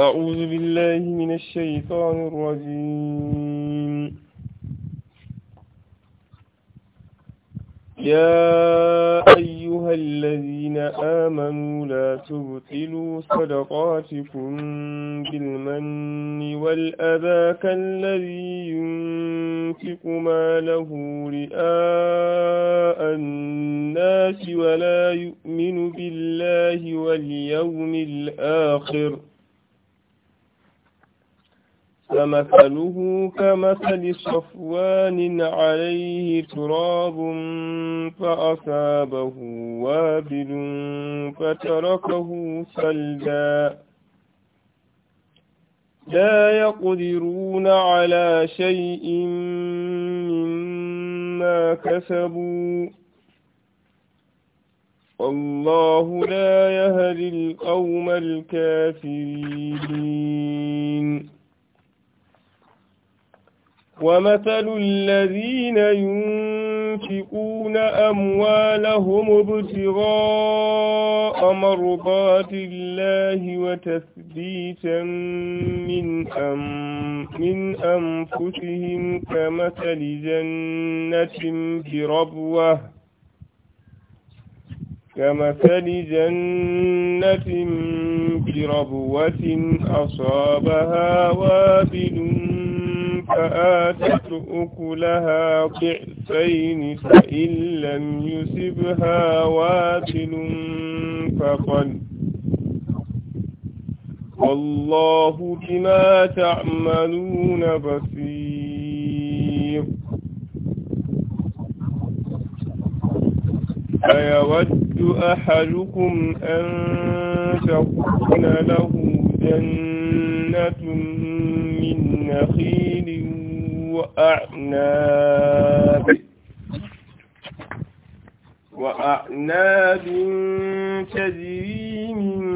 أعوذ بالله من الشيطان الرجيم يا أيها الذين آمنوا لا تبطلوا صدقاتكم بالمن والأذى كالذي ينفق ما له رئاء الناس ولا يؤمن بالله واليوم الآخر ۖ فمثله كمثل صفوان عليه تراب فأصابه وابل فتركه سلدا لا يقدرون على شيء مما كسبوا والله لا يهدي القوم الكافرين ومثل الذين ينفقون أموالهم ابتغاء مرضات الله وتثبيتا من, أم من أنفسهم كمثل جنة بربوة كمثل جنة بربوة أصابها وابل فآتت أكلها ضعفين فإن لم يسبها واتل فقل والله بما تعملون بصير أيود أحدكم أن تكون له جنة من نخيل وأعناب وأعناب تجري من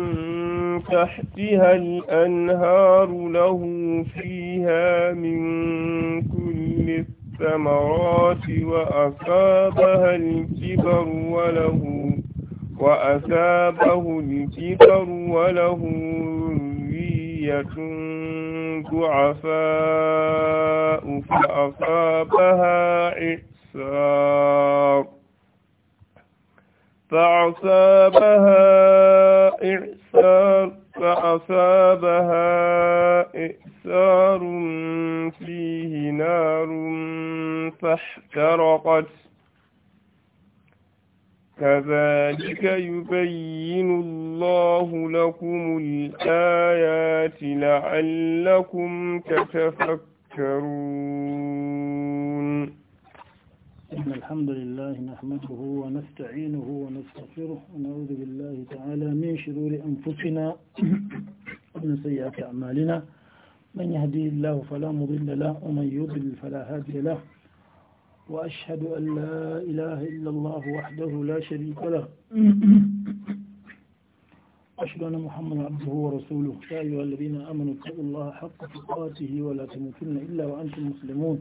تحتها الأنهار له فيها من كل الثمرات وأصابها الكبر وله وأصابه الكبر وله عشية ضعفاء فأصابها إعصار فأصابها إعصار فأصابها إعصار فيه نار فاحترقت كذلك يبين الله لكم الآيات لعلكم تتفكرون إن الحمد لله نحمده ونستعينه ونستغفره ونعوذ بالله تعالى من شرور أنفسنا ومن سيئات أعمالنا من يهدي الله فلا مضل له ومن يضلل فلا هادي له وأشهد أن لا إله إلا الله وحده لا شريك له أشهد أن محمد عبده ورسوله يا أيها الذين آمنوا اتقوا الله حق تقاته ولا تموتن إلا وأنتم مسلمون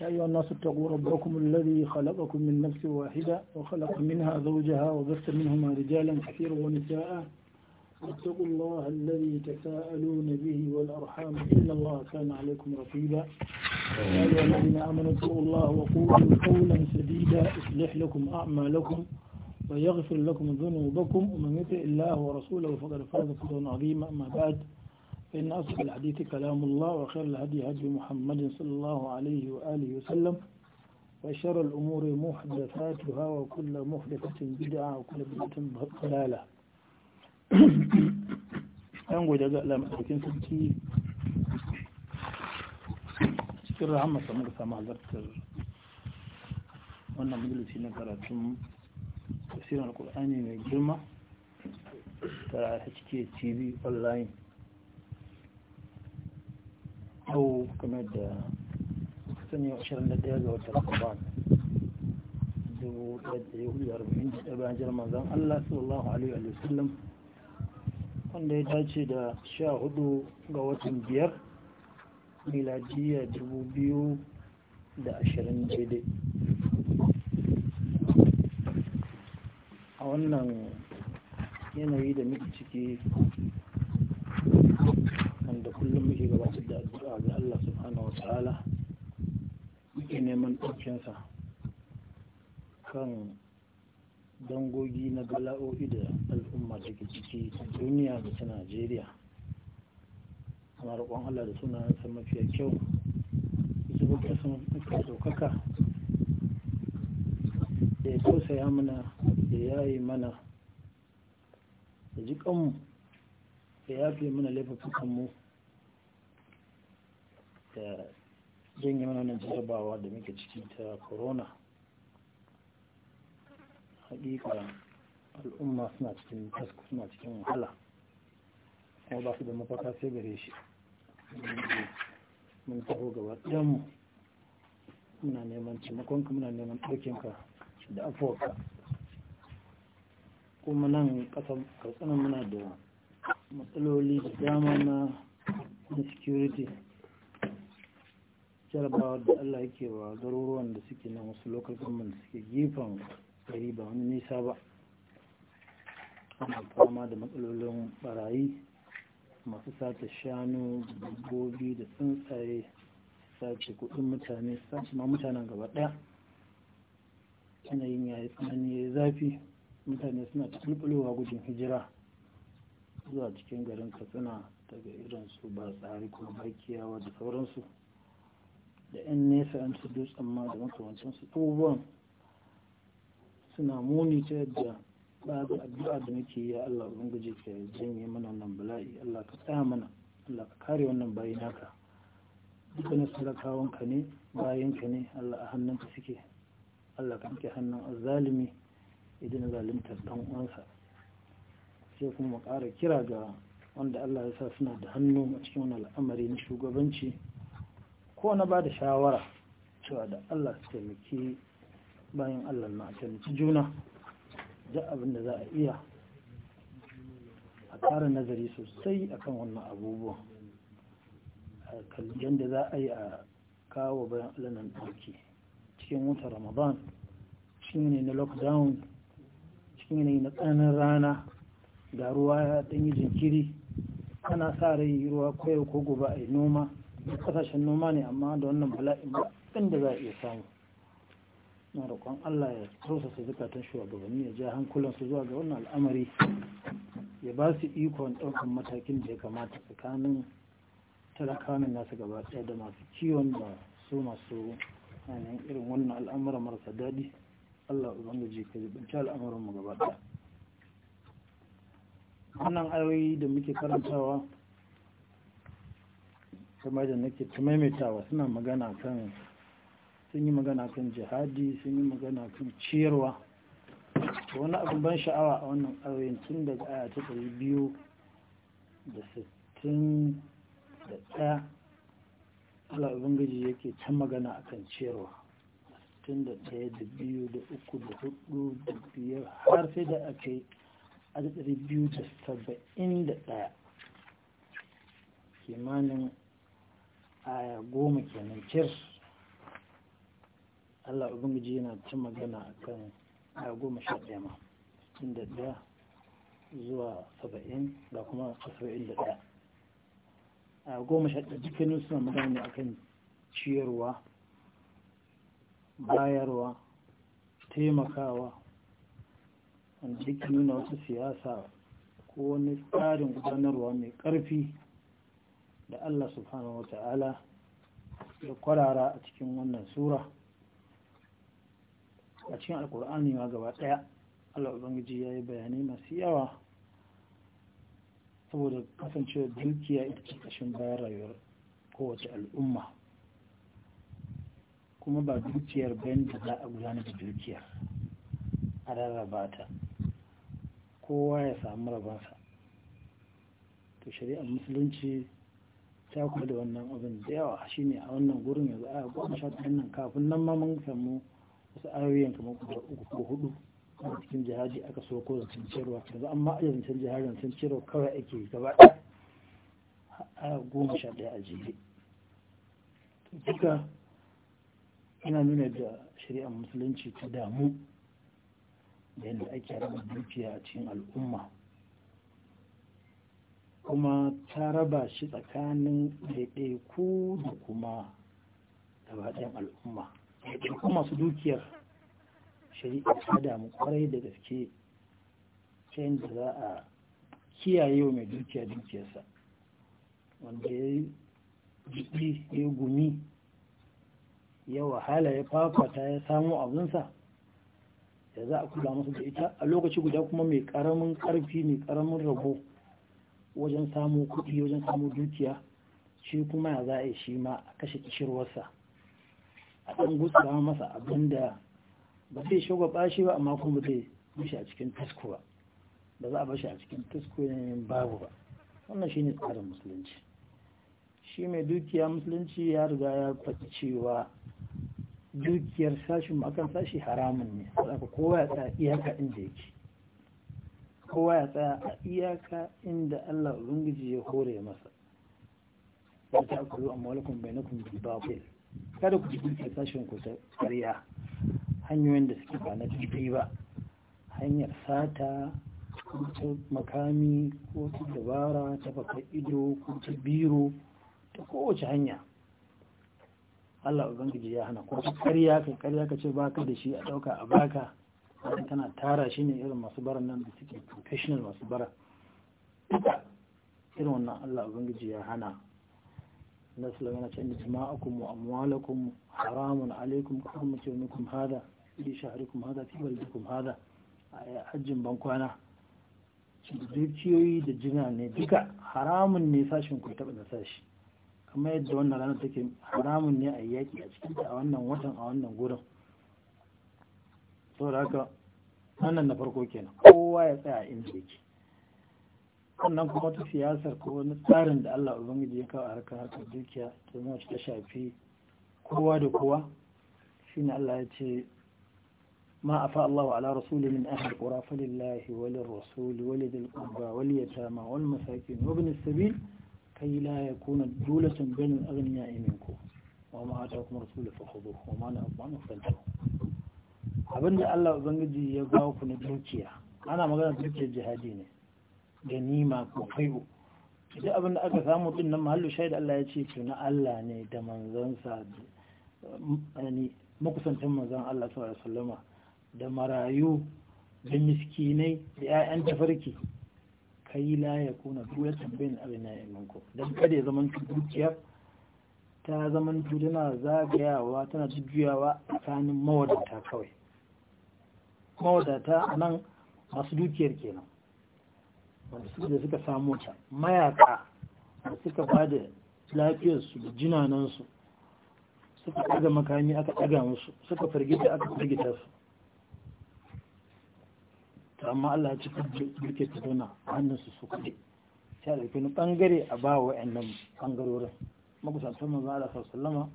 يا أيها الناس اتقوا ربكم الذي خلقكم من نفس واحدة وخلق منها زوجها وبث منهما رجالا كثيرا ونساء واتقوا الله الذي تساءلون به والأرحام إن الله كان عليكم رقيبا يا أيها الذين آمنوا اتقوا الله وقولوا قولا سديدا يصلح لكم أعمالكم ويغفر لكم ذنوبكم ومن يطع الله ورسوله فقد فاز فوزا عظيما أما بعد فإن أصح الحديث كلام الله وخير الهدي هدي محمد صلى الله عليه وآله وسلم وشر الأمور محدثاتها وكل محدثة بدعة وكل بدعة ضلالة yan gode ga Allah madaukin sarki cikin rahama samu da samu halartar wannan majalisi na karatun tafsirin alkur'ani mai girma ta HK TV online yau kamar da sani 21 ga watan Ramadan dubu ɗaya da yahudu da arba'in da bayan jirman zan Allah sallallahu alaihi wa sallam wanda ya dace da sha hudu ga watan biyar miladiya dubu biyu da ashirin daidai a wannan yanayi da muke ciki wanda kullum muke gabatar da addu'a ga Allah subhanahu wata'ala muke neman ɗaukensa kan dangogi na bala'o'i da al'umma da ke ciki duniya da ta najeriya ana roƙon allah da suna san mafiya kyau su buka sun suka saukaka da ya tausaya mana da ya yi mana da ji da ya fiye mana da janye mana na jarabawa da muke ciki ta corona hakika al'umma suna cikin tasku suna cikin wahala kuma ba su da mafaka sai gare shi mun taho gaba ɗanmu muna neman cimakonka muna neman ɗaukinka da afuwarka kuma nan ƙasar katsina muna da matsaloli da dama na security jarabawa da allah yake wa garuruwan da suke nan wasu local government suke gifan gari ba wani nisa ba ana fama da matsalolin barayi masu sata shanu gobi da tsuntsaye sace kudin mutane sace ma mutanen gaba daya yanayin yayi tsanani zafi mutane suna ta kulkulowa gudun hijira zuwa cikin garin katsina daga irin su ba tsari ko bakiyawa da sauransu da yan nesa 'yan su dutsen ma da su abubuwan suna muni ta yadda babu addu'a da muke yi Allah ubangiji ka janye mana wannan bala'i Allah ka tsaya mana Allah ka kare wannan bayi naka dukkanin sadakawan ka ne bayan ka ne Allah a hannun ka suke Allah ka rike hannun azalimi idan zalimtar dan uwansa sai kuma mu ƙara kira ga wanda Allah ya sa suna da hannu a cikin wani al'amari na shugabanci ko na ba da shawara cewa da Allah su taimaki bayan Allah na canci juna ji abin da za a iya a ƙara nazari sosai akan wannan abubuwan kalli da za a yi a kawo bayan Allah nan ɗauki cikin wuta ramadan cikin ne na lockdown cikin ne na tsananin rana da ruwa ya ɗanyi jinkiri ana sa rai ruwa kwayo ko gobe a yi noma ƙasashen noma ne amma da wannan bala'in ba inda za a iya samu na roƙon Allah ya tausasa zukatan shugabanni ya ja hankulansu zuwa ga wannan al'amari ya ba su ikon ɗaukan matakin da ya kamata tsakanin talakanin nasu gaba ɗaya da masu kiwon da su masu yanayin irin wannan al'amuran marasa daɗi Allah da ka zubinci al'amuranmu gaba ɗaya wannan ayoyi da muke karantawa kamar da nake ta maimaitawa suna magana kan sun yi magana kan jihadi sun yi magana kan ciyarwa wani abin ban sha'awa a wannan ƙarfin tun daga aya ta ɗari biyu da sittin da ɗaya ala gaji yake ta magana a kan ciyarwa sittin da ɗaya da biyu da uku da hudu da biyar har sai da aka yi a ɗari biyu da saba'in da ɗaya kimanin aya goma kenan kirs Allah ubangiji yana cin magana kan aya goma sha ɗaya ma inda ɗaya zuwa saba'in da kuma saba'in da ɗaya Aya goma sha ɗaya dukkanin suna magana ne a kan ciyarwa bayarwa taimakawa wanda duk nuna wasu siyasa ko wani tsarin gudanarwa mai ƙarfi da Allah subhanahu wa ta'ala ya kwarara a cikin wannan sura a cikin alkur'ani ma gaba ɗaya allah ubangiji ya yi bayani masu yawa saboda kasancewa dukiya ita ce kashin bayan rayuwar kowace al'umma kuma ba dukiyar bayan da za a gudanar da dukiyar a rarraba ta kowa ya samu rabansa to shari'ar musulunci ta kuma da wannan abin da yawa shine a wannan gurin yanzu a ya sha ta nan kafin nan ma mun samu wasu ayoyin kamar guda uku ko hudu a cikin jihadi aka so ko zancen cewa yanzu amma a zancen jihadi zancen cewa kawai ake gaba a goma sha daya a jere duka yana nuna da shari'ar musulunci ta damu da yadda ake raba dukiya a cikin al'umma kuma ta raba shi tsakanin daidaiku da kuma gabaɗayan al'umma da masu dukiyar shari'a ta damu kwarai da gaske ta yadda za a kiyaye wa mai dukiya dukiyarsa wanda ya yi jiki ya gumi ya wahala ya fafata ya samu abinsa da za a kula masa da ita a lokaci guda kuma mai karamin karfi mai ƙaramin rabo wajen samu kuɗi wajen samu dukiya shi kuma ya za a yi shi ma a kashe kishirwarsa a ɗan gusa masa abin da ba zai shagwaba shi ba amma kuma zai mishi a cikin tasko ba ba za a bashi a cikin tasko yanayin babu ba wannan shi ne tsarin musulunci shi mai dukiya musulunci ya riga ya faɗi cewa dukiyar sashin akan sashi haramun ne saboda kowa ya tsaya iyaka inda yake kowa ya tsaya a iyaka inda Allah ubangiji ya hore masa ta wata akulu amwalakum bainakum bil batil kada ku jikin sashen ku ƙarya hanyoyin da suke ba na daidai ba hanyar sata ko makami ko ta dabara ta baka ido ko ta biro ta kowace hanya Allah ubangiji ya hana ko ƙarya ka ƙarya ka ce baka da shi a ɗauka a baka wani kana tara shi ne irin masu bara nan da suke professional masu bara irin wannan Allah ubangiji ya hana na sulaiman ce inda jima'akum wa amwalakum haramun alaikum kuma ce minkum hada fi shahrikum hada fi baldikum hada a hajjin bankwana dukiyoyi da jina ne duka haramun ne sashin ku taɓa da sashi kamar yadda wannan ranar take haramun ne a yaƙi a cikin a wannan watan a wannan gurin saboda haka wannan na farko kenan kowa ya tsaya a inda yake sannan kuma ta siyasar ko wani tsarin da Allah Ubangiji ya kawo a harkar harkar dukiya ta zama ta shafi kowa da kowa shi ne Allah ya ce ma afa Allah wa ala rasuli min ahli qura fa wali rasuli wali wa lidil qurba wal yatama wal masakin wa ibn as-sabil kay la yakuna ya yi min ko wa ma ataakum rasuli fa khudhuhu wa ma nahaakum fantahu abinda Allah Ubangiji ya ba ku na dukiya ana magana dukiyar jihadi ne ganima ko fai'u duk abin da aka samu din nan mahallu shaida Allah ya ce to Allah ne da manzansa ne makusantan manzan Allah sallallahu alaihi wasallama da marayu da miskinai da ƴaƴan tafarki kai la ya kuna duk tambayin abin na ya manko dan kada ya zaman dukiya ta zaman tana zagayawa tana jujjuyawa tsakanin mawadata kawai mawadata nan masu dukiyar kenan su da suka samu ta mayaka da suka ba da lafiyarsu da jinanansu suka ɗaga makami aka ɗaga musu suka firgita aka firgita su ta amma Allah ya ci ta zauna a hannunsu su kuɗi sai a ɗauki ɓangare a ba wa ƴannan ɓangarorin makusantar manzan Allah sallama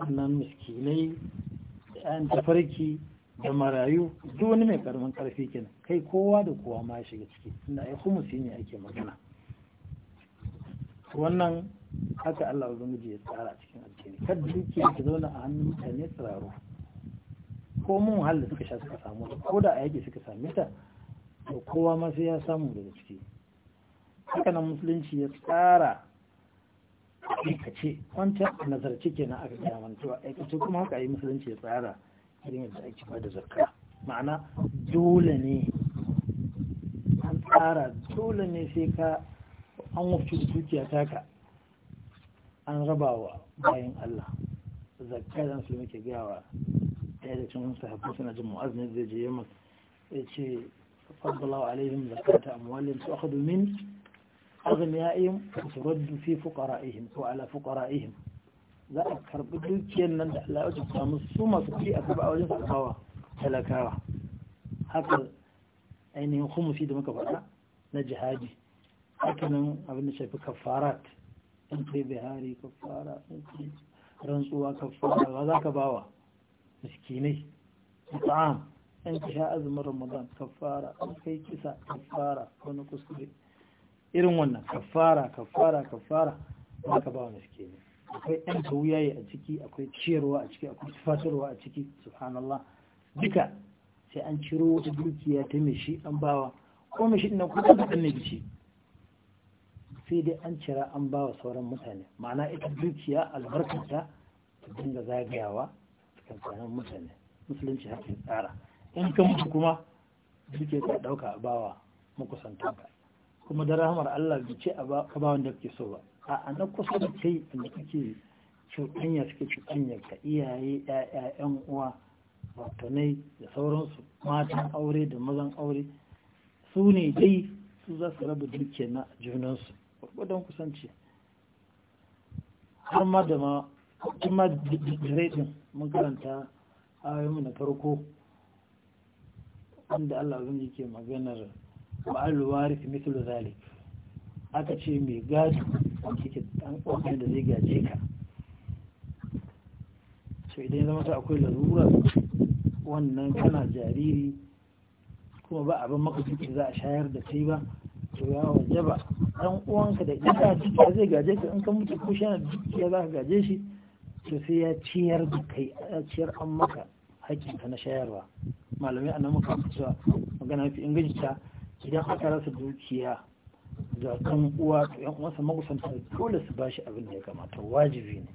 annan miskinai da ƴan tafarki da marayu duk wani mai karamin karfi kenan kai kowa da kowa ma shiga ciki inda ai humusi ne ake magana wannan haka Allah ubangiji ya tsara cikin addini kar duke ki zauna a hannun mutane tsiraro ko mun halda suka sha suka samu ko da a yake suka same ta to kowa ma sai ya samu daga ciki haka nan musulunci ya tsara aikace wancan nazarci kenan aka gaya aikace kuma haka yi musulunci ya tsara irin yadda ake ba da zakka ma'ana dole ne an tsara dole ne sai ka an wufce dukiya taka an raba wa bayan Allah zakka dan su muke gawa ɗaya da cikin sahabbai suna jin mu'azin zai je yamma ya ce fadlallahu alaihim zakata amwalin su akhadhu min aghniyaihim turaddu fi fuqara'ihim wa ala fuqara'ihim za a karbi dukiyar nan da Allah ya su masu fi a kaba a wajen sakawa talakawa haka ainihin humusi da muka faɗa na jihadi haka nan abin da shafi kafarat in kai bihari kafara in kai rantsuwa kafara ba za ka bawa miskinai ta'am in ka sha azumin ramadan kafara in kai kisa kafara wani kuskure irin wannan kafara kafara kafara za ka bawa miskinai akwai ɗan da wuyaye a ciki akwai ciyarwa a ciki akwai tufasarwa a ciki subhanallah duka sai an ciro wata dukiya ta mai shi an bawa ko mai shi ɗin kudin da ɗan nabi sai dai an cira an bawa sauran mutane ma'ana ita dukiya albarkata ta dinga zagayawa tsakanin mutane musulunci haka tsara in ka mutu kuma duke ta ɗauka a bawa makusantanka kuma da rahamar Allah bai ce a ba wanda kake so ba a na kusa da kai da kake cutanya suke cuɗanya ka iyaye ya'ya uwa batanai da sauransu matan aure da mazan aure su ne dai su za su raba duke na junansu gwargwadon kusanci har ma da ma kuma jiretin mun karanta na farko wanda Allah zan yake maganar ba'al warif zalik aka ce mai gado. wanda dan uwan da zai gaje ka so idan zama ta akwai larura wannan kana jariri kuma ba abin maka ciki za a shayar da kai ba to ya ba dan uwanka da ita dukiya zai gaje ka in ka mutu ko shi yana dukiya za ka gaje shi to sai ya ciyar da kai ya ciyar an maka hakinka na shayarwa malamai a nan muka cewa magana fi inganci ta idan aka rasa dukiya kan uwa to yan uwansa magusanta dole su bashi abin da ya kamata wajibi ne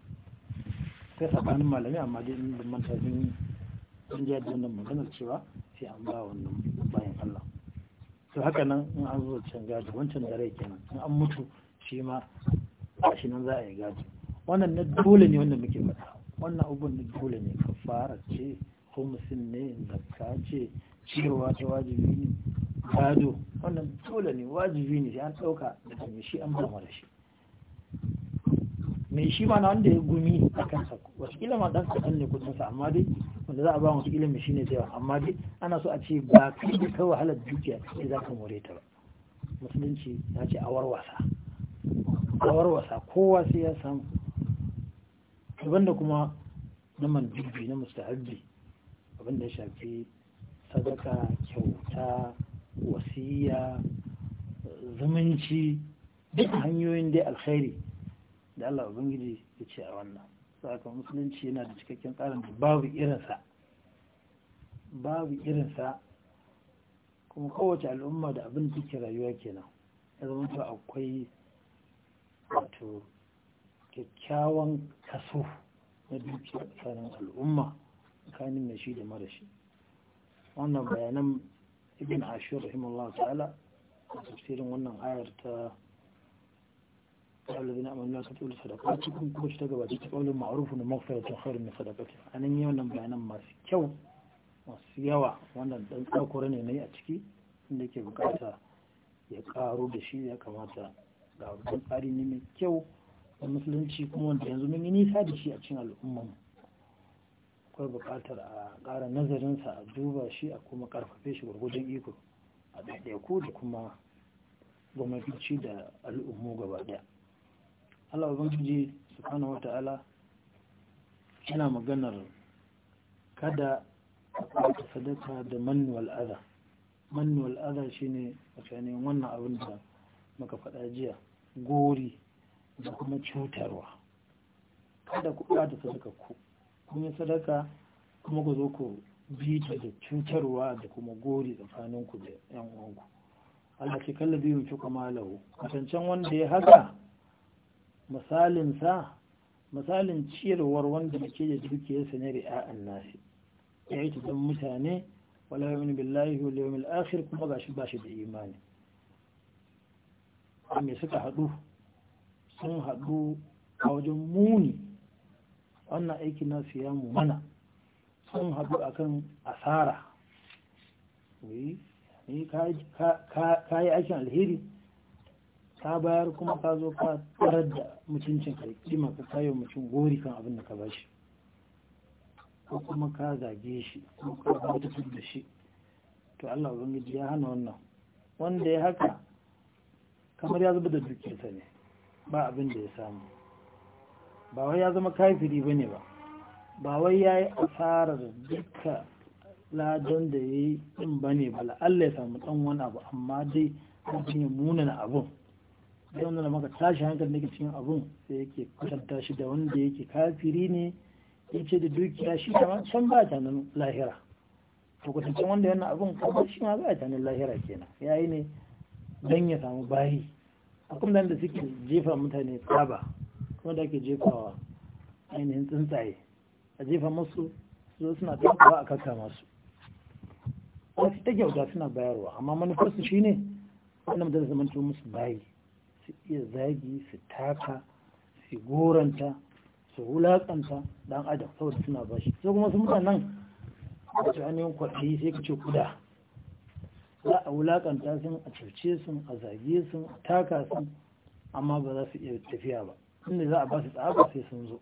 sai tsakanin malami amma dai in da manta sun sun ji wannan maganar cewa sai an ba wannan bayan Allah to haka nan in an zo can gaji wancan da kenan in an mutu shi ma shi nan za a yi gaji wannan na dole ne wanda muke faɗa wannan abubuwan na dole ne kafara ce ko musulmi ne zakka ce cewa ta wajibi ne gado wannan dole ne wajibi ne sai an ɗauka daga mai shi an bama da shi mai shi ma na wanda ya gumi a kansa wasu ma ɗansa ɗan ne sa amma dai wanda za a ba wasu ilimin shi ne yawa amma dai ana so a ce ba kai da ka wahalar dukiya sai za ka more ta ba musulunci ya ce awar wasa awar wasa kowa sai ya samu da kuma na mandubi na abin abinda ya shafi sadaka kyauta wasiya zumunci duk hanyoyin dai alkhairi da Allah ubangiji ya ce a wannan saka musulunci yana da cikakken tsarin da babu irinsa babu irinsa kuma kowace al'umma da abin take rayuwa kenan ya zama to akwai wato kyakkyawan kaso na dukiya tsarin al'umma tsakanin mai shi da mara shi wannan bayanan ibn ashir rahimahullah ta'ala a tafsirin wannan ayar ta ƙwallo bin amalina ka tsoro sadaka cikin kuma shi ta gabata ta ƙwallon na da mafiratun harin na sadaka a nan yau bayanan masu kyau masu yawa wannan ɗan ƙakura ne na yi a ciki inda ke bukata ya ƙaro da shi ya kamata ga wajen tsari ne mai kyau da musulunci kuma wanda yanzu mun yi nisa da shi a cikin al'ummanmu akwai buƙatar a ƙara nazarinsa a duba shi a kuma ƙarfafe shi gwargwajen iko a ɗaiɗaiku da kuma gwamnatoci da al'ummu gaba ɗaya Allah kana wata ala yana maganar kada ta sadaka da manuwal adha manuwal ne shine tsakanin wannan abin da muka faɗa jiya gori da kuma cutarwa kada ku ta sadaka ku kun sadaka kuma ku zo ku bi ta da cutarwa da kuma gori tsakaninku da yan uwanku Allah ce kalla biyu ci kuma lahu kasancen wanda ya haka misalin sa misalin ciyarwar wanda yake da dukiyarsa ne ya'yan nasi ya yi don mutane wala yamin billahi wal yawmil akhir kuma shi ba shi da imani me suka haɗu sun haɗu a wajen muni wannan aikin nasu ya mu mana sun haɗu akan asara ka yi aikin alheri ka bayar kuma ka zo ka tarar da mutuncin ka kima ka mutum gori kan abin da ka ba shi ko kuma ka zage shi ko kuma ka da shi to Allah ubangiji ya hana wannan wanda ya haka kamar ya zuba da dukiyarsa ne ba abin da ya samu ba wai ya zama kafiri ba ne ba ba wai ya yi asarar duka ladon da ya yi ɗin ba ne ba la'alla ya samu ɗan wani abu amma dai kafin ya munana abun sai wanda maka tashi hankali da cikin abun sai yake kwatanta shi da wanda yake kafiri ne ya ce da dukiya shi ta can ba ta nan lahira to kwatancin wanda yana abun kuma shi ma ba ta nan lahira kenan ya yi ne don ya samu bayi akwai da suke jefa mutane tsaba wanda ake jefawa ainihin tsuntsaye a jefa masu su suna tafawa a kaka masu su ta kyauta suna bayarwa amma manufarsu shi ne wanda mutane zama tun musu bayi su iya zagi su taka su goranta su wulaƙanta dan adam saboda suna bashi su kuma su mutanen da cikin ainihin kwaɗayi sai ka ce kuda za a wulakanta sun a circe sun a zage sun a taka sun amma ba za su iya tafiya ba inda za a ba su tsaba sai sun zo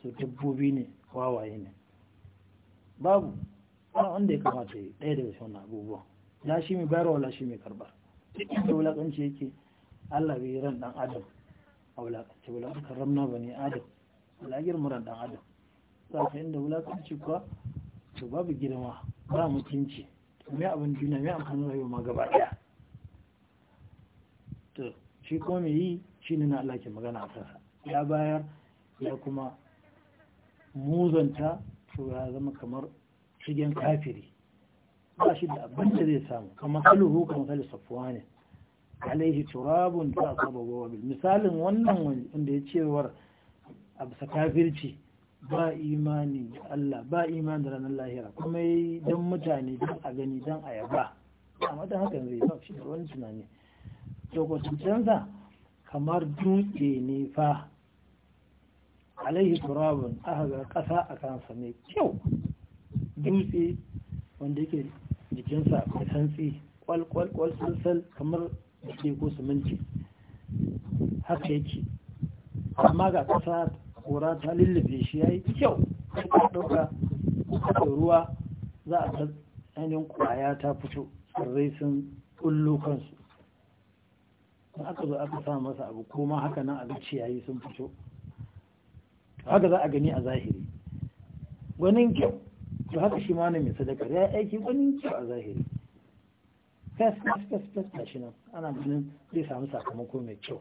su dabbobi ne wawaye ne babu wani wanda ya kamata ya ɗaya daga abubuwa abubuwan shi mai bayarwa shi mai karbar da inda wulaƙanci yake allah bai ran ɗan adam a wulaƙanci wulaƙanci ramna ba ne adam wulaƙir muran ɗan adam za ka inda wulaƙanci kuwa to babu girma ba mutunci mai abin duniya mai amfani rayuwa ma gaba ɗaya to shi kuma mai yi shi ne na Allah ke magana a kansa ya bayar ya kuma muzanta to ya zama kamar shigen kafiri ba shi da abin da zai samu kamar kaluhu kamar kalu safuwa ne alaihi turabun ta saba bil misalin wannan wanda ya cewar a bisa kafirci ba imani da Allah ba imani da ranar lahira kuma yi don mutane don a gani don a yaba a matan hakan zai ba shi da wani tunani to canza kamar dutse ne fa alaihi turabun aka ga ƙasa a kansa mai kyau dutse wanda yake jikinsa a kwal kwalkwalkwal sulsal kamar ke ko siminti haka yake amma ga ƙasa kura ta lullube shi ya yi kyau ta ɗauka da ruwa za a ainihin kwaya ta fito tsirrai sun ƙullo kansu aka zo aka sa masa abu ko ma haka nan a ciyayi sun fito haka za a gani a zahiri gwanin kyau to haka shi ma mai sadakar ya aiki gwanin kyau a zahiri fes fes fes fes na shi nan ana ganin zai samu sakamako mai kyau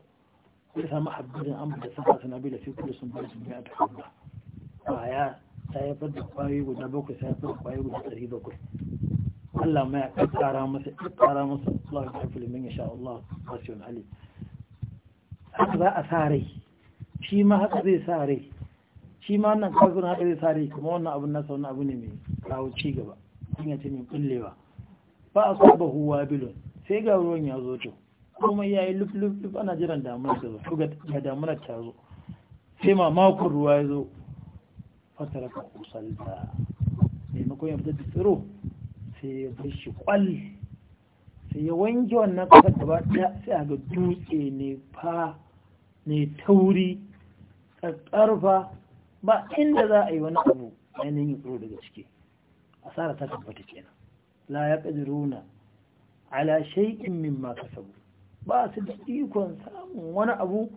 zai samu haddadin an da sun hasu na da fi kudu sun bar su biya da kuma ya ta haifar da kwayoyi guda bakwai ta haifar da kwayoyi guda ɗari bakwai Allah ma ya ƙara masa ya ƙara masa Allah ya kafi limin insha Allah wasiyon Ali haka za a sa rai shi ma haka zai sa rai shi ma wannan kafin haka zai sa rai kuma wannan abin nasa wani abu ne mai kawo ci gaba in ya mai kullewa ba a so ba huwa bilon sai ga ruwan ya zo to kuma ya yi luf luf ana jiran damunar ta zo shuga ga damunar ta zo sai ma makon ruwa ya zo fatara ka ta maimakon ya fita da tsiro sai ya bi shi kwal sai ya wanke wannan ƙasar gaba ɗaya sai a ga dutse ne fa ne tauri ƙarfa ba inda za a yi wani abu ainihin yin tsoro daga ciki asara ta tabbata kenan la ya runa ala shaikin min ma sabu ba su da ikon samun wani abu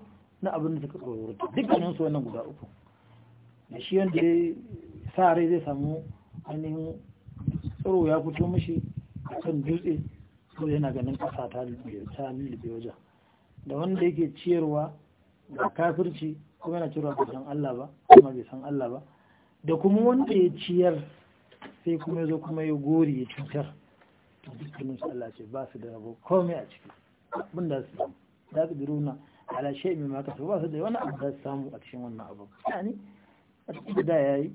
na abin da suka tsoro dukkanin su wannan guda uku da shi yadda ya sa rai zai samu ainihin tsoro ya fito mishi a kan dutse ko yana ganin ƙasa ta lulluɓe wajen da wanda yake ciyarwa da kafirci kuma yana ciyarwa ba san Allah ba kuma bai san Allah ba da kuma wanda ya ciyar sai kuma ya zo kuma ya gori ya cutar to dukkanin su Allah ce ba su da rabo komai a ciki abin da su da su biruna ala shay mai maka ba su da wani abu da su samu a cikin wannan abu yani a cikin da yayi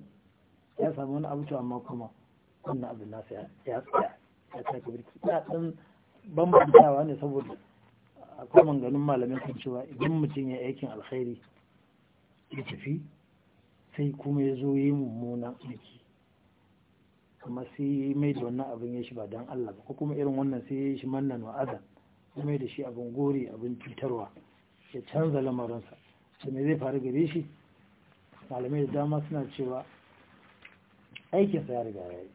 ya samu wani abu to amma kuma wannan abin nasa ya tsaya ya sake birki ya ɗan bambantawa ne saboda a akwai ganin malamin kan cewa idan mutum ya aikin alkhairi ya tafi sai kuma ya zo yi mummunan aiki amma sai ya mai da wannan abin ya shi ba don Allah ko kuma irin wannan sai ya shi mannan wa'aza ya mai da shi abin gori abin cutarwa ya canza lamarinsa su ne zai faru gare shi malamai da dama suna cewa aikinsa ya riga ya yi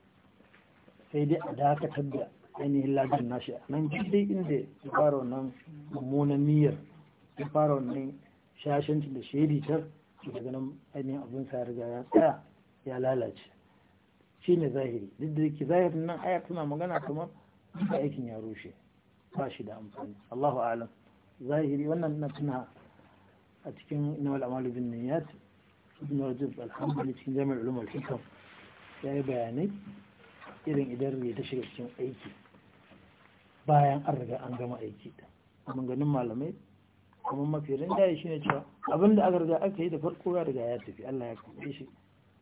sai dai a dakatar da ainihin lajin nashi a nan dai inda ya fara wannan mummunan niyyar ya fara wannan shashanci da shaidi ta daga nan ainihin abin sa riga ya tsaya ya lalace shi ne zahiri duk da yake zahirin nan aya tana magana kamar duka aikin ya rushe ba shi da amfani Allahu alam zahiri wannan na tuna a cikin inawal amalu bin ibn rajab alhamdulillah cikin jami'ar ulumar hikam ya yi bayanai irin idan ya ta shiga cikin aiki bayan an riga an gama aiki ta ganin malamai kuma mafi ya shi ne cewa abinda aka riga aka yi da farko ya riga ya tafi Allah ya kuɗe shi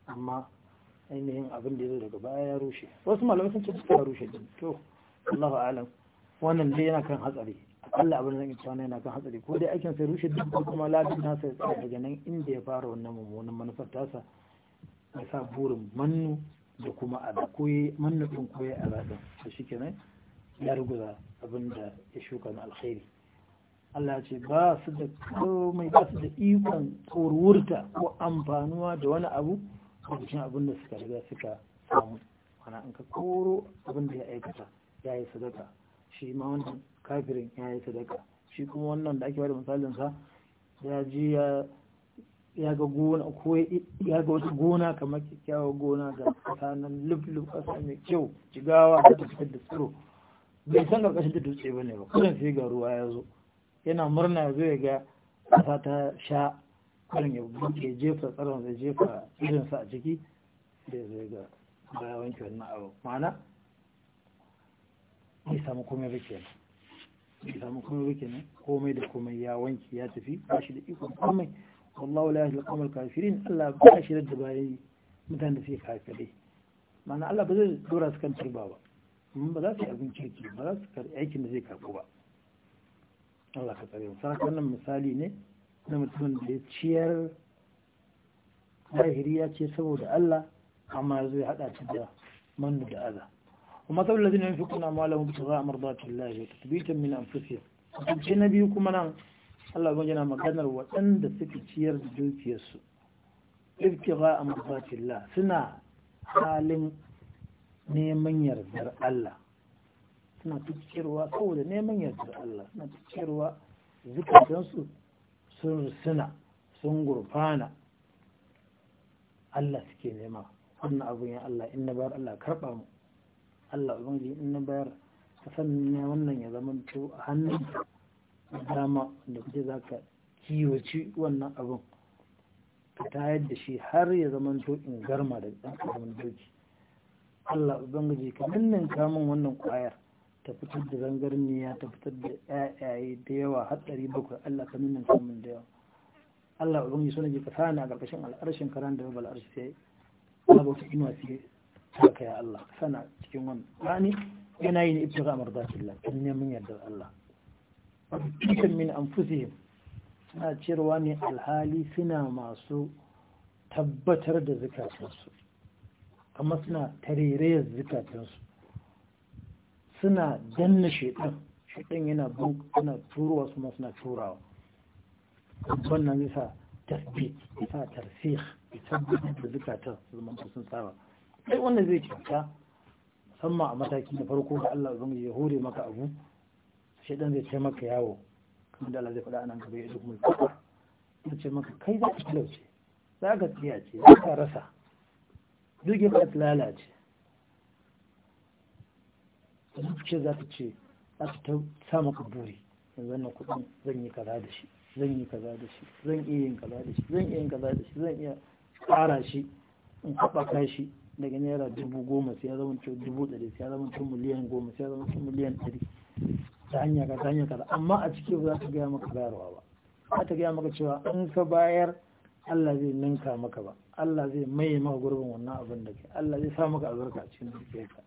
amma ainihin abin da ya zo daga baya ya rushe wasu malamai sun ce suka rushe to Allah alam wannan dai yana kan hatsari Allah abin da zan cewa yana kan hatsari ko dai aikin sai rushe duk kuma ladin na sai tsaya daga nan inda ya fara wannan mummunan manufar tasa ya sa burin mannu da kuma a koyi mannufin koyi a da shi kenan ya rigura abin da ya shuka na alkhairi Allah ce ba su da komai ba su da ikon tsorwurta ko amfanuwa da wani abu a cikin abin da suka riga suka samu mana an ka koro abin da ya aikata ya yi sadaka shi ma wannan kafirin ya yi sadaka shi kuma wannan da ake bada misalin sa ya ji ya ya ga gona gona kamar kyakkyawar gona ga tsakanin nan lublub ƙasa mai kyau jigawa da ta fitar da tsiro bai san ƙarƙashin da dutse ba ne ba kullum sai ga ruwa ya zo yana murna ya zo ya ga kasa ta sha kudin ya buke jefa tsaron zai jefa irinsa a ciki da ya zo ga baya wanke wannan abu ma'ana bai samu komai ba kenan bai samu komai ba kenan komai da komai ya wanke ya tafi ba shi da ikon komai wallahu la yahdi al-qawmal kafirin Allah ba shi da bayan mutanen da suke kafirai ma'ana Allah ba zai dora su kan turba ba amma ba za su yi abin kirki ba za su karɓi aikin da zai karɓo ba Allah ka tsare mu sarki wannan misali ne na mutumin da ya ciyar zahiri ya ce saboda Allah amma zai hada ta da manu da Allah وما ثول الذين ينفقون أموالهم ابتغاء مرضات الله وتثبيتا من أنفسهم. الشيء النبي كمان Allah gun yana maganar waɗanda suke ciyar da dukiyarsu ibtiga amfatillah suna halin neman yardar Allah suna tukirwa saboda neman yardar Allah suna tukirwa zikatansu sun suna sun gurfana Allah suke nema wannan abun ya Allah in na bayar Allah karɓa mu Allah ubangiji in na bayar ka sanya wannan ya zama to a hannun dama da kuke za ka kiwaci wannan abin ka tayar da shi har ya zaman in garma da ɗan ƙaramin doki Allah Ubangiji ka nannan kamun wannan ƙwayar ta fitar da zangarniya ta fitar da ƴaƴaye da yawa har ɗari bakwai Allah ka nannan kamun da yawa Allah Ubangiji suna ji ka sani a ƙarƙashin al'arshin karan da babal arshi sai babu wata inuwa sai haka ya Allah ka sana cikin wannan rani yana yin ibtiga amar zafi Allah kan neman yardar Allah cikin min anfusihim suna cewa ne alhali suna masu tabbatar da zukatansu amma suna tarerayar zukatansu suna danna shaidan shaidan yana yana turowa su ma suna turawa wannan bisa tasbit bisa tarsih tabbatar da zukatan su sun tsara sai wannan zai ta musamman a mataki da farko da Allah zan ya hore maka abu shaidan zai ce maka yawo kamar da Allah zai faɗa nan gaba ya zo kuma kafa ya ce maka kai za ka talauce za ka tsiya ce za ka rasa duk ya ka lalace zuciya za ta ce za ta sa maka buri yanzu wannan kuɗin zan yi kaza da shi zan yi kaza da shi zan iya yin kaza da shi zan iya yin kaza da shi zan iya kara shi in haɓaka shi daga naira dubu goma sai ya zama dubu ɗari sai ya zama miliyan goma sai ya zama miliyan ɗari ta hanya ka ta hanya ka amma a ciki ba za ta gaya maka bayarwa ba za ta gaya maka cewa in ka bayar Allah zai ninka maka ba Allah zai maye maka gurbin wannan abin da ke Allah zai sa maka albarka a cikin dukiyarka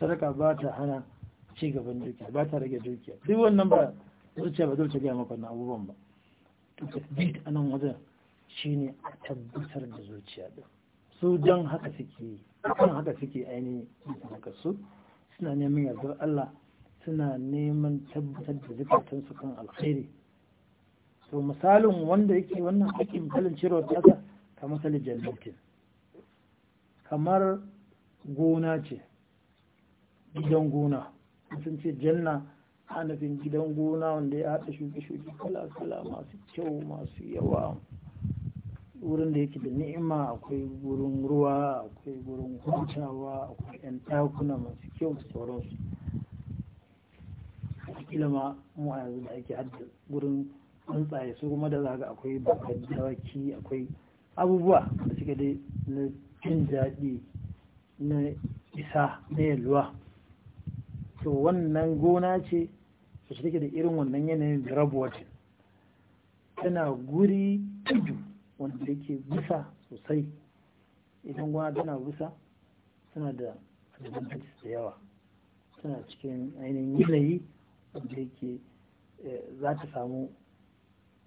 sadaka ba ta hana ci gaban dukiya ba ta rage dukiya duk wannan ba zuciya ba zuciya gaya maka wannan abubuwan ba to tasbit a nan wajen shine a tabbatar da zuciya din su don haka suke kan haka suke ainihin haka su suna neman yardar Allah suna neman tabbatar da zukatansu kan alkhairi to misalin wanda yake wannan ake misalin cirewar ƙasa ka misali jannatin kamar gona ce gidan gona sun ce janna hanafin gidan gona wanda ya haɗa shuke-shuke kala-kala masu kyau masu yawa wurin da yake da ni'ima akwai gurin ruwa akwai gurin hutawa akwai 'yan takuna masu kyau da sauransu kila mu a yanzu da ake hada gurin tsuntsaye su kuma da zaga akwai bakar dawaki akwai abubuwa da suke dai na jin daɗi na isa na yalwa to wannan gona ce da su take da irin wannan yanayin da rabuwatin tana guri tudu wanda yake bisa sosai idan gona tana bisa tana da advantages da yawa suna cikin ainihin yanayi wanda yake eh, za ta samu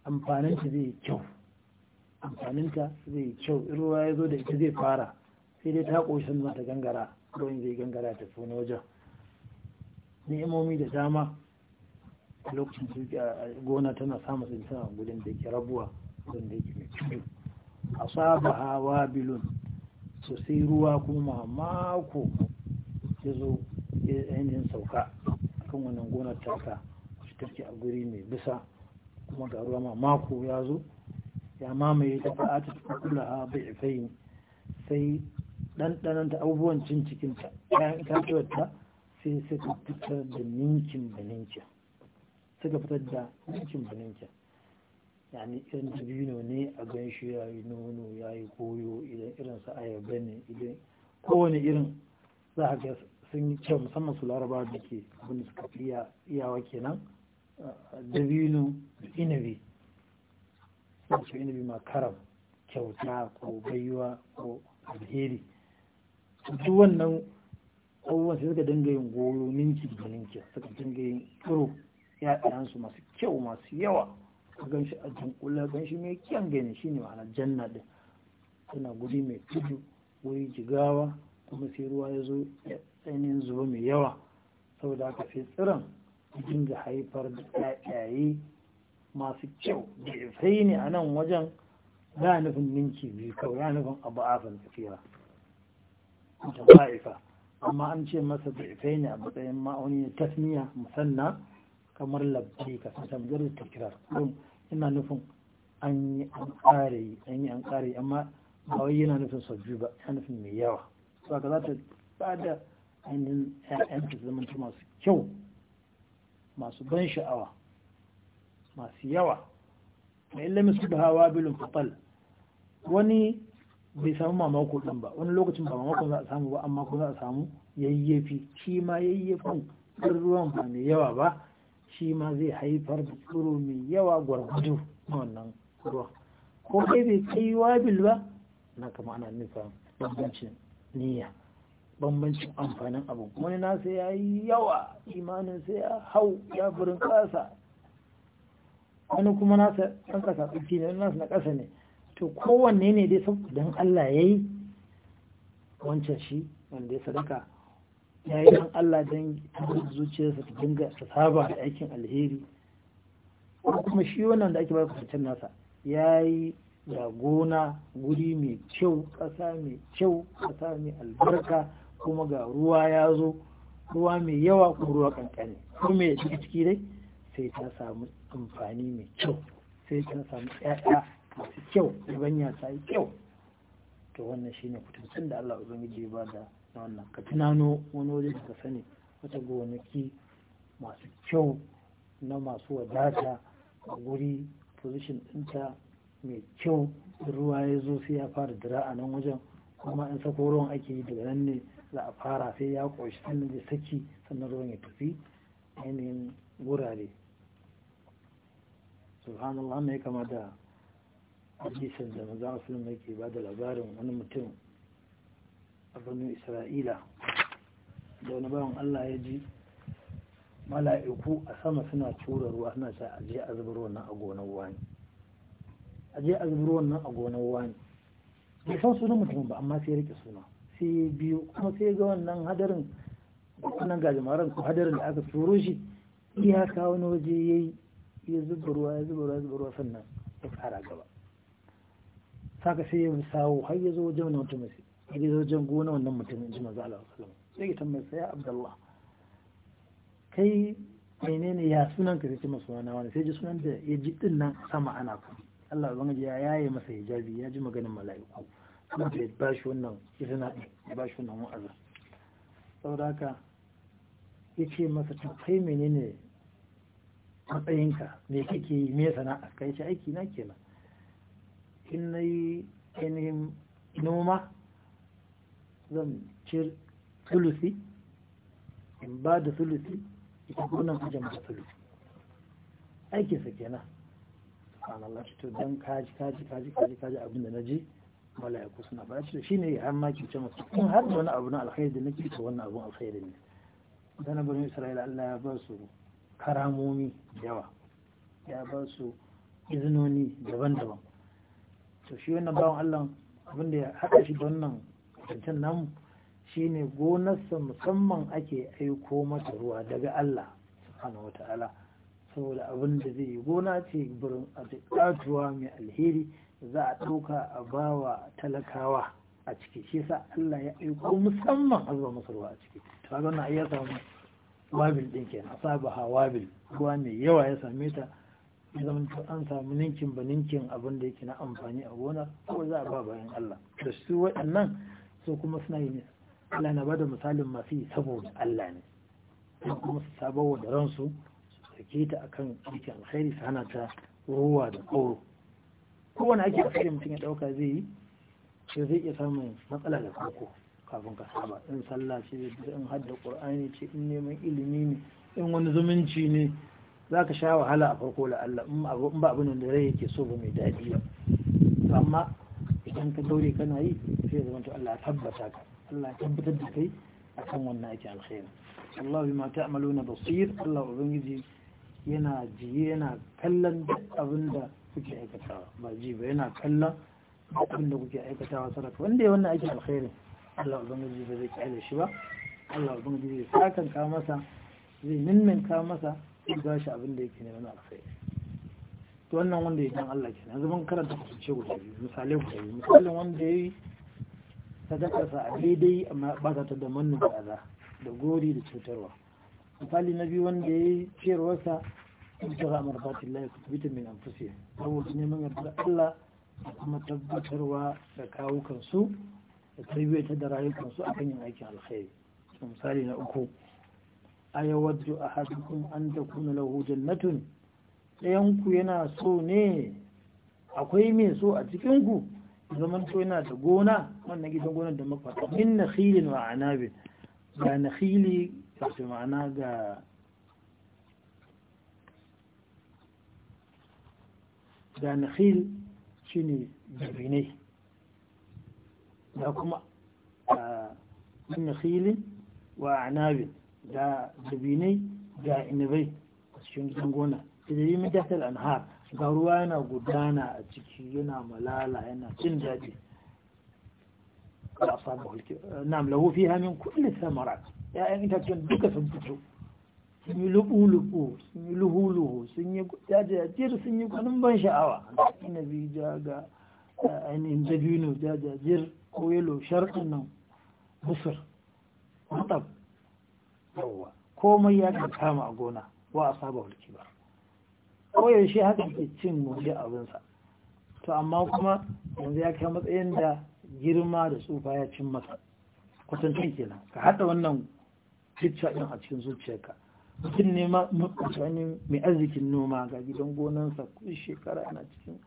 amfaninta zai kyau amfaninta zai kyau ruwa ya zo da ita zai fara sai dai ta ƙoshin mata gangara ruwan zai gangara ta fi wajen ni'imomi da dama a lokacin gona tana samun tsintan gudun da yake rabuwa wanda yake mai cudu a saba hawa bilun sosai ruwa kuma mako ya zo ainihin sauka kan wannan gonar taka take a guri mai bisa kuma ga ruwa mako ya zo ya mamaye ta fa'ata ta kula a bai'ifai sai ɗanɗanan ta abubuwan cin cikin ta ɗayan itatuwar ta sai suka fitar da ninkin da ninkin suka fitar da ninkin da ninkin yani irin dabino ne a gan shi ya yi nono ya yi koyo idan irinsa ayaba ne idan kowane irin za a ga sun yi kyau musamman su laraba da ke da suka fi iyawa kenan dabino da inabi sun ce inabi ma karam kyauta ko baiwa ko alheri duk wannan abubuwan sai suka dinga yin goro ninki da ninki suka dinga yin ya yaɗayansu masu kyau masu yawa a gan shi a jinkula gan shi mai kyan gani shi ne ma'ana janna ɗin suna guri mai tudu wuri jigawa kuma sai ruwa ya zo ainihin zuwa mai yawa saboda aka fi tsiran dinga haifar da ƴaƴaye masu kyau da sai ne a nan wajen da nufin ninki biyu kawai ya nufin abu afin tafiya ta ba'ifa amma an ce masa da ifai ne a matsayin ma'auni na tasmiya musanna kamar labdi ka san tamgar da takirar don ina nufin an yi an ƙare yi an yi an ƙare amma ba wai yana nufin sau ba ya nufin mai yawa saka za ta ainihin ‘ya'yanta zamanta masu kyau masu ban sha'awa masu yawa mai ilmi su da hawa bilin fatal wani bai samu mamako ɗin ba wani lokacin ba mamakon za a samu ba amma ko za a samu yayyafi shi ma yayyafin ruwan ba mai yawa ba shi ma zai haifar da tsoro mai yawa gwargwado na wannan ruwa ko kai bai kai wabil ba na kama ana nufa bambancin niyya bambancin amfanin abu wani nasa ya yi yawa imanin sai ya hau ya burin kasa wani kuma nasa ɗan ƙasa tsaki ne nasa na ƙasa ne to kowanne ne dai don Allah ya yi wancan shi wanda ya sadaka ya yi don Allah don zuciyarsa ta dinga ta saba da aikin alheri kuma shi wannan da ake ba fitar nasa ya yi da gona guri mai kyau ƙasa mai kyau ƙasa mai albarka kuma ga ruwa ya zo ruwa mai yawa ko ruwa kankani ko mai ciki ciki dai sai ta samu amfani mai kyau sai ta samu ƴaƴa masu kyau ibanya ta yi kyau to wannan shine kutuncin da Allah ubangiji ya bada na wannan ka tunano wani waje ka sani wata gonaki masu kyau na masu wadata a guri position ɗinta mai kyau ruwa ya zo sai ya fara dira a nan wajen kuma in sako ruwan ake yi daga nan ne za a fara sai ya ƙoshi sannan zai saki sannan ruwan ya tafi ainihin wurare subhanallah mai kama da hadisin da maza musulun mai ke ba da labarin wani mutum a birnin isra'ila da wani bayan allah ya ji mala'iku a sama suna tura ruwa suna ce ajiye a zubar wannan a gonar wani ajiye a zubar wannan a gonar wani bai san sunan mutum ba amma sai ya rike suna sai biyu kuma sai ga wannan hadarin wannan gajimaren ko hadarin da aka turo shi kawo wani waje ya yi ya zuba ruwa ya zuba ruwa zuba ruwa sannan ya fara gaba saka sai ya sawo har ya zo wajen wani mutum sai ya zo wajen gona wannan mutum ji Allah sai ya tambaye sai ya Abdullah kai menene ya sunan ka sai masu wani wani sai ji sunan da ya ji din nan sama ana ku Allah ya yaye masa hijabi ya ji maganin mala'iku saboda ya ba shi wannan izina ɗin ya ba shi wannan wa'aza saboda haka ya ce masa ta kai ne matsayinka me kake yi me sana'a kai ce aiki na ke kenan in na yi ainihin noma zan ci sulusi in ba da sulusi ita gunan ajiyar da sulusi aikinsa kenan subhanallah to don kaji kaji kaji kaji abinda na ji mala'iku suna ba shi shine har ma ke ce musu kun har wani abu na alkhairi da nake ta wannan abun alkhairi ne dan bani Isra'ila Allah ya ba su karamomi yawa ya ba su izinoni daban-daban to shi wannan bawan Allah abin da ya haɗa shi da wannan zancen namu shine gonarsa musamman ake aiko mata ruwa daga Allah subhanahu wata'ala saboda abin da zai yi gona ce burin a mai alheri za a ɗauka a bawa talakawa a ciki shi sa Allah ya aiko musamman azuwa ruwa a ciki ta na ya samu wabil ɗin ke na ha wabil ruwa mai yawa ya same ta ya zama an samu ninkin ba ninkin abin da yake na amfani a gona ko za a ba bayan Allah da su waɗannan su kuma suna yi ne Allah na bada misalin masu yi saboda Allah ne kuma su sabawa da ransu su sake ta akan aikin alkhairi su hana ta ruwa da ƙoro. kowane ake a tsari mutum ya ɗauka zai yi shi zai iya samun matsala da farko kafin ka saba in sallah ce in hadda qur'ani ce in neman ilimi ne in wani zumunci ne za ka sha wahala a farko allah in ba abin da rai yake so ba mai daɗi ba amma idan ka daure kana yi sai zama to Allah tabbata ka Allah ya tabbatar da kai akan wannan ake alkhairi Allah bima ta'maluna basir Allah ubangiji yana jiye yana kallon abin da kuke aikatawa ba ji ba yana kallon abin da kuke aikatawa sadaka wanda ya wannan aikin alkhairi Allah ji ba zai kyale shi ba Allah ji zai sakan ka masa zai ka masa zai ba shi abin da yake ne wani alkhairi to wannan wanda ya dan Allah kenan zaman karanta kusurce guda biyu misalai ku biyu misalin wanda ya yi sadakarsa a daidai amma ba ta da mannu da da gori da cutarwa misali na biyu wanda ya yi ciyarwarsa ibtigha marfati llahi tathbitan min anfusihim saboda ne mun yarda Allah da kuma tabbatarwa da kawo kansu da tarbiyyar da rayukan su akan yin aikin alkhairi misali na uku ayawaddu ahadukum an takuna lahu jannatun dayan ku yana so ne akwai mai so a cikin ku zaman to yana da gona wannan gidan gona da makwata min nakhilin wa anabi ga nakhili ga ma'ana ga da nakhil shine dabinai da kuma min nakhilin wa anabin da dabinai da inabai a cikin gidan gona tajiri min tahtal anhar ga ruwa yana gudana a ciki yana malala yana cin daɗi na'am lahu fiha min kulli thamarat ya'yan itacen duka sun fito sun yi lubu-lubu sun yi luhu-luhu sun yi jajajir sun yi kwanin ban sha'awa biyu ja ga ainihin dabino jajajir ko yalo sharɗin nan musur matab yawwa komai ya kan kama a gona wa a saba wulki ba koyaushe haka ke cin waje abinsa to amma kuma yanzu ya kai matsayin da girma da tsufa ya cin masa kwatantan kenan ka haɗa wannan picture ɗin a cikin zuciyarka mutum ne mai arzikin noma ga gidan gonansa ko shekara na cikin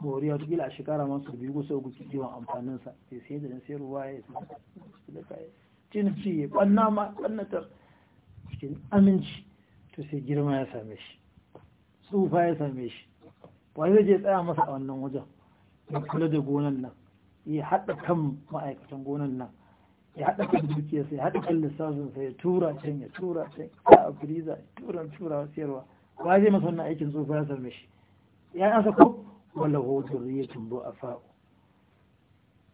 moriya ta gila a shekara masu biyu gusa uku guki kiwon amfaninsa ya sai da dan sayarwa ya sai da kaya cin ci ya ɓanna ma ɓannatar cikin aminci to sai girma ya same shi tsufa ya same shi wani zai je tsaya masa a wannan wajen ya kula da gonan nan ya haɗa kan ma'aikatan gonan nan ya haɗa kan dukiya sai haɗa kan lissafin sai ya tura can ya tura can a firiza ya tura tura siyarwa ba zai masa wannan aikin tsofa ya same shi ya ansa ko wala hoto ya tumbo a fa'o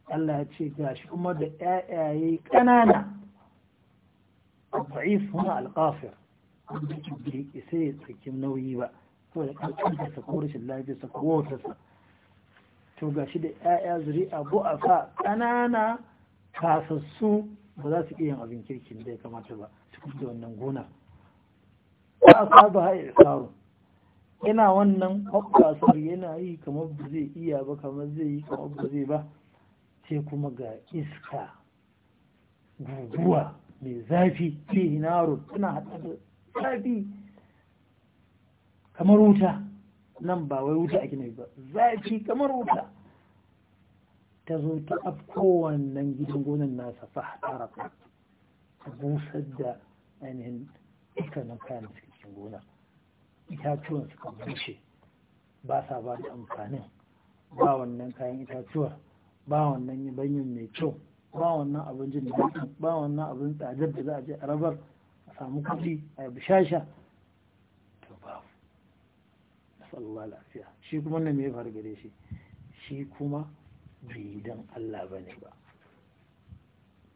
Allah ya ce gashi kuma da ƴaƴaye ƙanana wanda ke القافر isa ya tsaki nauyi ba saboda ƙarfin sa ko rashin lafiya ko wata to gashi da ƴaƴa zuri'a bu'afa ƙanana kasassu ba za su iya yin abin kirkin da ya kamata ba su da wannan gona ba a saba haɗe yana wannan hokkasar yana yi kamar ba zai iya ba kamar zai yi kamar ba zai ba sai kuma ga iska guguwa mai zafi ke hinaro suna haɗa da zafi kamar wuta nan ba wai wuta a gina ba zafi kamar wuta ta zo ta afko wannan gidan gonan nasa fahtara ta busar da ainihin kan kayan cikin gona itatuwan suka bushe ba sa ba da amfanin ba wannan kayan itatuwa ba wannan banyan mai kyau ba wannan abin jin ba wannan abin tsajar da za a je a rabar a samu kuɗi a yi bushasha. to babu nasallallahu lafiya shi kuma nan mai fargare shi shi kuma bidan Allah ba ne ba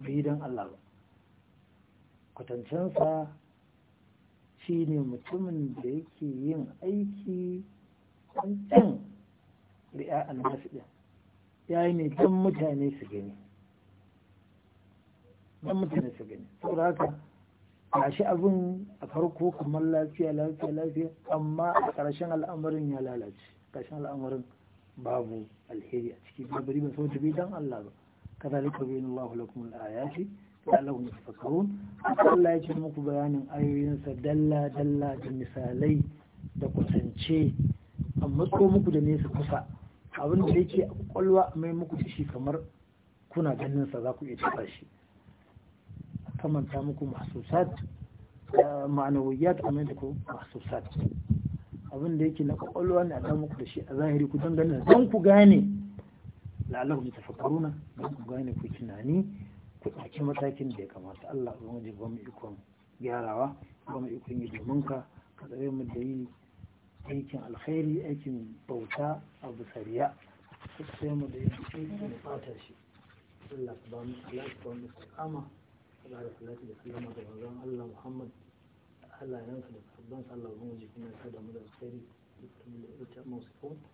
bidan Allah ba kwatancensa shi ne mutumin da yake yin aiki kwancin da ya almasu ɗin ya yi ne don mutane su gani don mutane su gani saboda haka shi abin a farko kamar lafiya lafiya lafiya amma a ƙarshen al'amarin ya lalace ƙarshen al'amarin babu alheri a ciki babu riba saboda bai dan Allah ba kazalika bayyana Allahu lakum alayati ayati la'allahum tafakkarun Allah ya ce muku bayanin ayoyinsa dalla dalla da misalai da kusance amma ko muku da nesa kusa abin da yake a kwakwalwa mai muku da shi kamar kuna ganin sa za ku iya taɓa shi kamanta muku mahsusat eh, ma'anawiyat amma da ku mahsusat abin da yake na kwakwalwa ne a damu da shi a zahiri ku don ganin don ku gane la'allahu tafi karuna don ku gane ku tunani ku ɗaki matakin da ya kamata Allah ubangiji ba mu ikon gyarawa ba mu ikon yi domin ka ka tsare mu da yi aikin alkhairi aikin bauta a busariya ka tsare mu da yi aikin fatar shi Allah ka ba mu alaƙa mu kama Allah da salatu da sallama da manzon Allah Muhammad halayensa da sabbin sallah wani jikin ya kada damu da tsari da ta mausifon